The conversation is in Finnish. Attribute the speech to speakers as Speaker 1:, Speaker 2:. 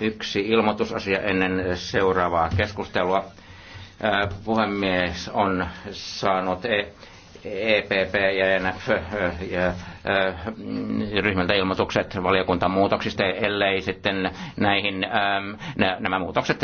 Speaker 1: yksi ilmoitusasia ennen seuraavaa keskustelua. Puhemies on saanut EPP e ja NF ryhmältä ilmoitukset valiokuntamuutoksista, ellei sitten näihin nämä muutokset